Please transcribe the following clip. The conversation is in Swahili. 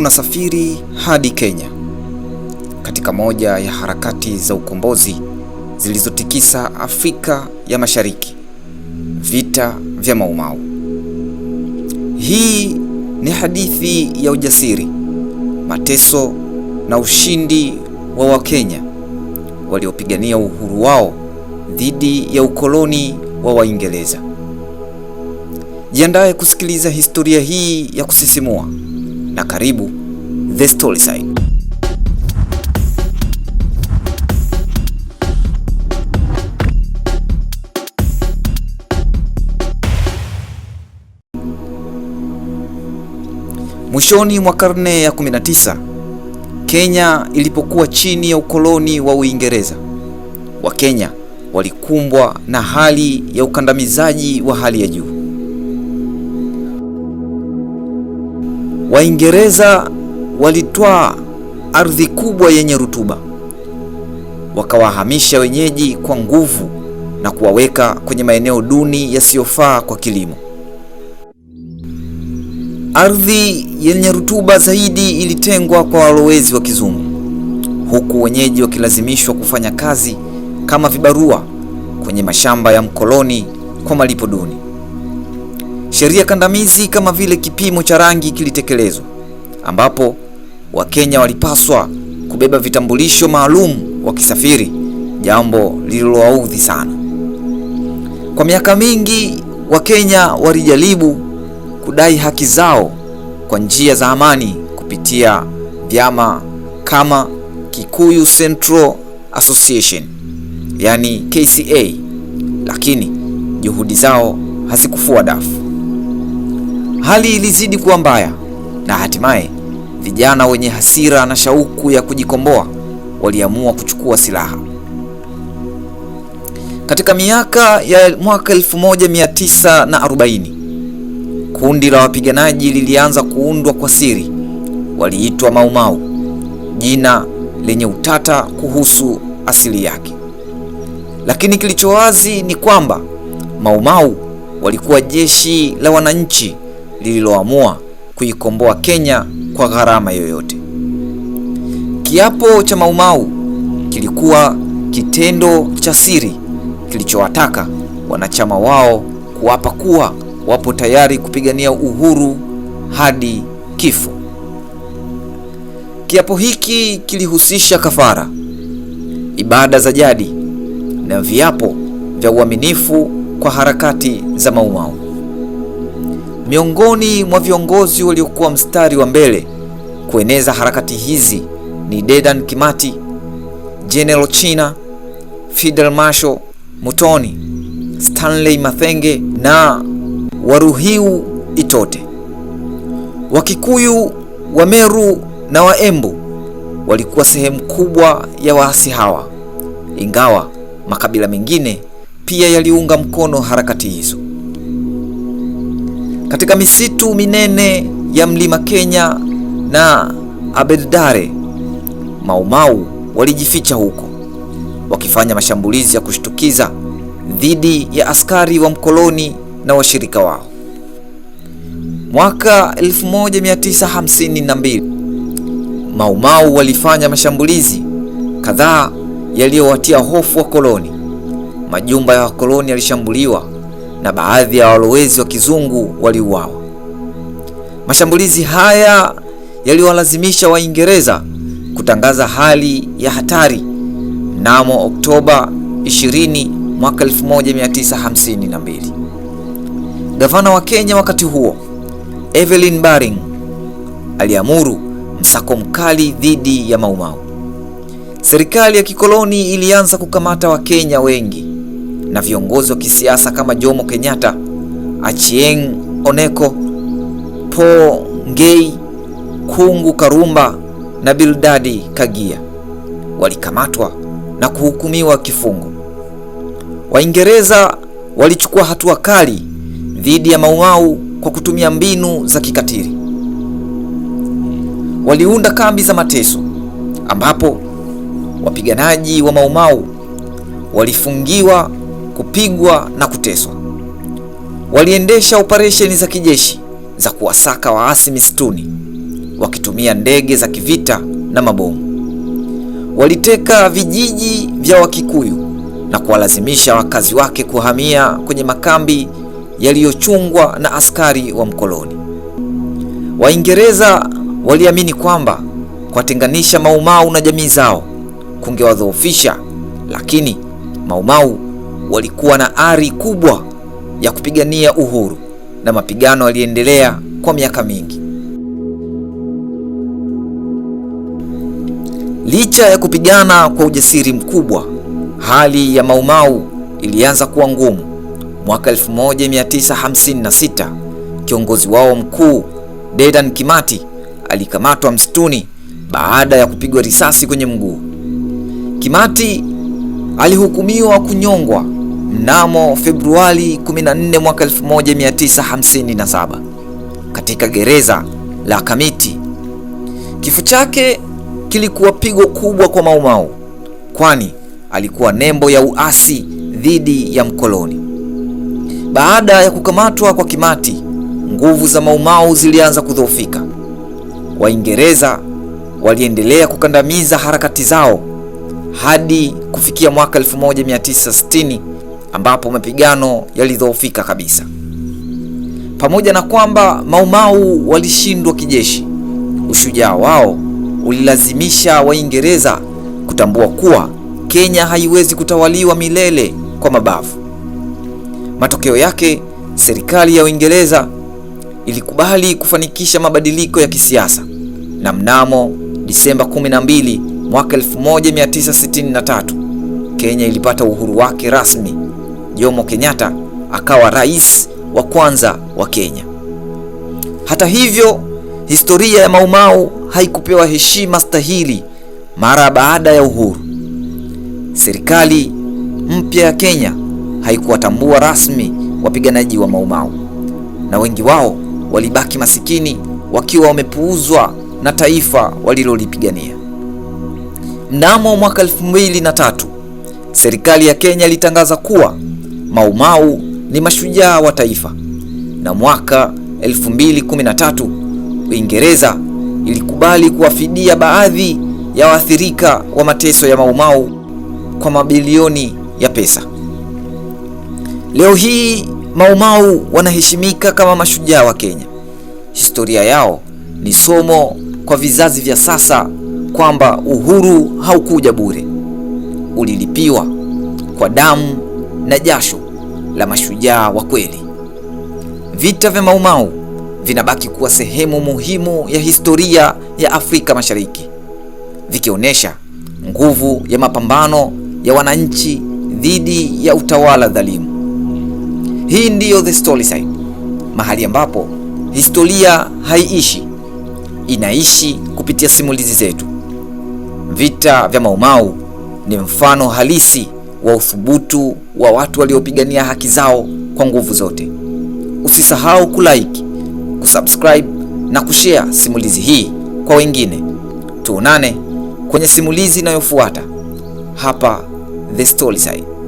tunasafiri hadi Kenya katika moja ya harakati za ukombozi zilizotikisa Afrika ya Mashariki, vita vya Maumau. Hii ni hadithi ya ujasiri, mateso na ushindi wa Wakenya waliopigania uhuru wao dhidi ya ukoloni wa Waingereza. Jiandae kusikiliza historia hii ya kusisimua na karibu The Side. Mwishoni mwa karne ya 19 Kenya ilipokuwa chini ya ukoloni wa Uingereza, Wakenya walikumbwa na hali ya ukandamizaji wa hali ya juu. Waingereza walitwaa ardhi kubwa yenye rutuba, wakawahamisha wenyeji kwa nguvu na kuwaweka kwenye maeneo duni yasiyofaa kwa kilimo. Ardhi yenye rutuba zaidi ilitengwa kwa walowezi wa Kizungu, huku wenyeji wakilazimishwa kufanya kazi kama vibarua kwenye mashamba ya mkoloni kwa malipo duni. Sheria kandamizi kama vile kipimo cha rangi kilitekelezwa ambapo Wakenya walipaswa kubeba vitambulisho maalum wakisafiri, jambo lililowaudhi sana. Kwa miaka mingi, Wakenya walijaribu kudai haki zao kwa njia za amani kupitia vyama kama Kikuyu Central Association, yani KCA, lakini juhudi zao hazikufua dafu. Hali ilizidi kuwa mbaya na hatimaye Vijana wenye hasira na shauku ya kujikomboa waliamua kuchukua silaha. Katika miaka ya mwaka 1940 kundi la wapiganaji lilianza kuundwa kwa siri, waliitwa Maumau, jina lenye utata kuhusu asili yake, lakini kilicho wazi ni kwamba Maumau walikuwa jeshi la wananchi lililoamua kuikomboa Kenya kwa gharama yoyote. Kiapo cha Maumau kilikuwa kitendo cha siri kilichowataka wanachama wao kuapa kuwa wapo tayari kupigania uhuru hadi kifo. Kiapo hiki kilihusisha kafara, ibada za jadi na viapo vya uaminifu kwa harakati za Maumau. Miongoni mwa viongozi waliokuwa mstari wa mbele kueneza harakati hizi ni Dedan Kimati, General China, Fidel Marshal Mutoni, Stanley Mathenge na Waruhiu Itote. Wakikuyu, Wameru na Waembu walikuwa sehemu kubwa ya waasi hawa, ingawa makabila mengine pia yaliunga mkono harakati hizo katika misitu minene ya mlima Kenya na Aberdare. Maumau walijificha huko wakifanya mashambulizi ya kushtukiza dhidi ya askari wa mkoloni na washirika wao. Mwaka 1952 Maumau walifanya mashambulizi kadhaa yaliyowatia hofu wakoloni. Majumba ya wakoloni yalishambuliwa na baadhi ya walowezi wa kizungu waliuawa. Mashambulizi haya yaliwalazimisha Waingereza kutangaza hali ya hatari mnamo Oktoba 20 mwaka 1952. Gavana wa Kenya wakati huo Evelyn Baring aliamuru msako mkali dhidi ya Maumau. Serikali ya kikoloni ilianza kukamata Wakenya wengi na viongozi wa kisiasa kama Jomo Kenyatta, Achieng Oneko, Po Ngei, Kungu Karumba na Bildadi Kagia walikamatwa na kuhukumiwa kifungo. Waingereza walichukua hatua kali dhidi ya Maumau kwa kutumia mbinu za kikatili. Waliunda kambi za mateso ambapo wapiganaji wa Maumau walifungiwa kupigwa na kuteswa. Waliendesha operesheni za kijeshi za kuwasaka waasi misituni wakitumia ndege za kivita na mabomu. Waliteka vijiji vya Wakikuyu na kuwalazimisha wakazi wake kuhamia kwenye makambi yaliyochungwa na askari wa mkoloni. Waingereza waliamini kwamba kuwatenganisha Maumau na jamii zao kungewadhoofisha, lakini Maumau walikuwa na ari kubwa ya kupigania uhuru na mapigano yaliendelea kwa miaka mingi. Licha ya kupigana kwa ujasiri mkubwa, hali ya Maumau ilianza kuwa ngumu. Mwaka 1956 kiongozi wao mkuu Dedan Kimati alikamatwa msituni baada ya kupigwa risasi kwenye mguu. Kimati alihukumiwa kunyongwa Mnamo Februari 14 mwaka 1957 katika gereza la Kamiti. Kifo chake kilikuwa pigo kubwa kwa Maumau, kwani alikuwa nembo ya uasi dhidi ya mkoloni. Baada ya kukamatwa kwa Kimati, nguvu za Maumau zilianza kudhoofika. Waingereza waliendelea kukandamiza harakati zao hadi kufikia mwaka 1960 ambapo mapigano yalidhoofika kabisa. Pamoja na kwamba Maumau walishindwa kijeshi, ushujaa wao ulilazimisha Waingereza kutambua kuwa Kenya haiwezi kutawaliwa milele kwa mabavu. Matokeo yake, serikali ya Uingereza ilikubali kufanikisha mabadiliko ya kisiasa na mnamo Disemba 12 mwaka 1963 Kenya ilipata uhuru wake rasmi. Jomo Kenyatta akawa rais wa kwanza wa Kenya. Hata hivyo, historia ya Maumau haikupewa heshima stahili mara baada ya uhuru. Serikali mpya ya Kenya haikuwatambua rasmi wapiganaji wa Maumau na wengi wao walibaki masikini wakiwa wamepuuzwa na taifa walilolipigania. Mnamo mwaka elfu mbili na tatu serikali ya Kenya ilitangaza kuwa Maumau ni mashujaa wa taifa, na mwaka 2013 Uingereza ilikubali kuwafidia baadhi ya waathirika wa mateso ya Maumau kwa mabilioni ya pesa. Leo hii Maumau wanaheshimika kama mashujaa wa Kenya. Historia yao ni somo kwa vizazi vya sasa kwamba uhuru haukuja bure, ulilipiwa kwa damu na jasho la mashujaa wa kweli. Vita vya Maumau vinabaki kuwa sehemu muhimu ya historia ya Afrika Mashariki, vikionyesha nguvu ya mapambano ya wananchi dhidi ya utawala dhalimu. Hii ndiyo The Storyside, mahali ambapo historia haiishi, inaishi kupitia simulizi zetu. Vita vya Maumau ni mfano halisi wa uthubutu wa watu waliopigania haki zao kwa nguvu zote. Usisahau kulike, kusubscribe na kushare simulizi hii kwa wengine. Tuonane kwenye simulizi inayofuata hapa The Storyside.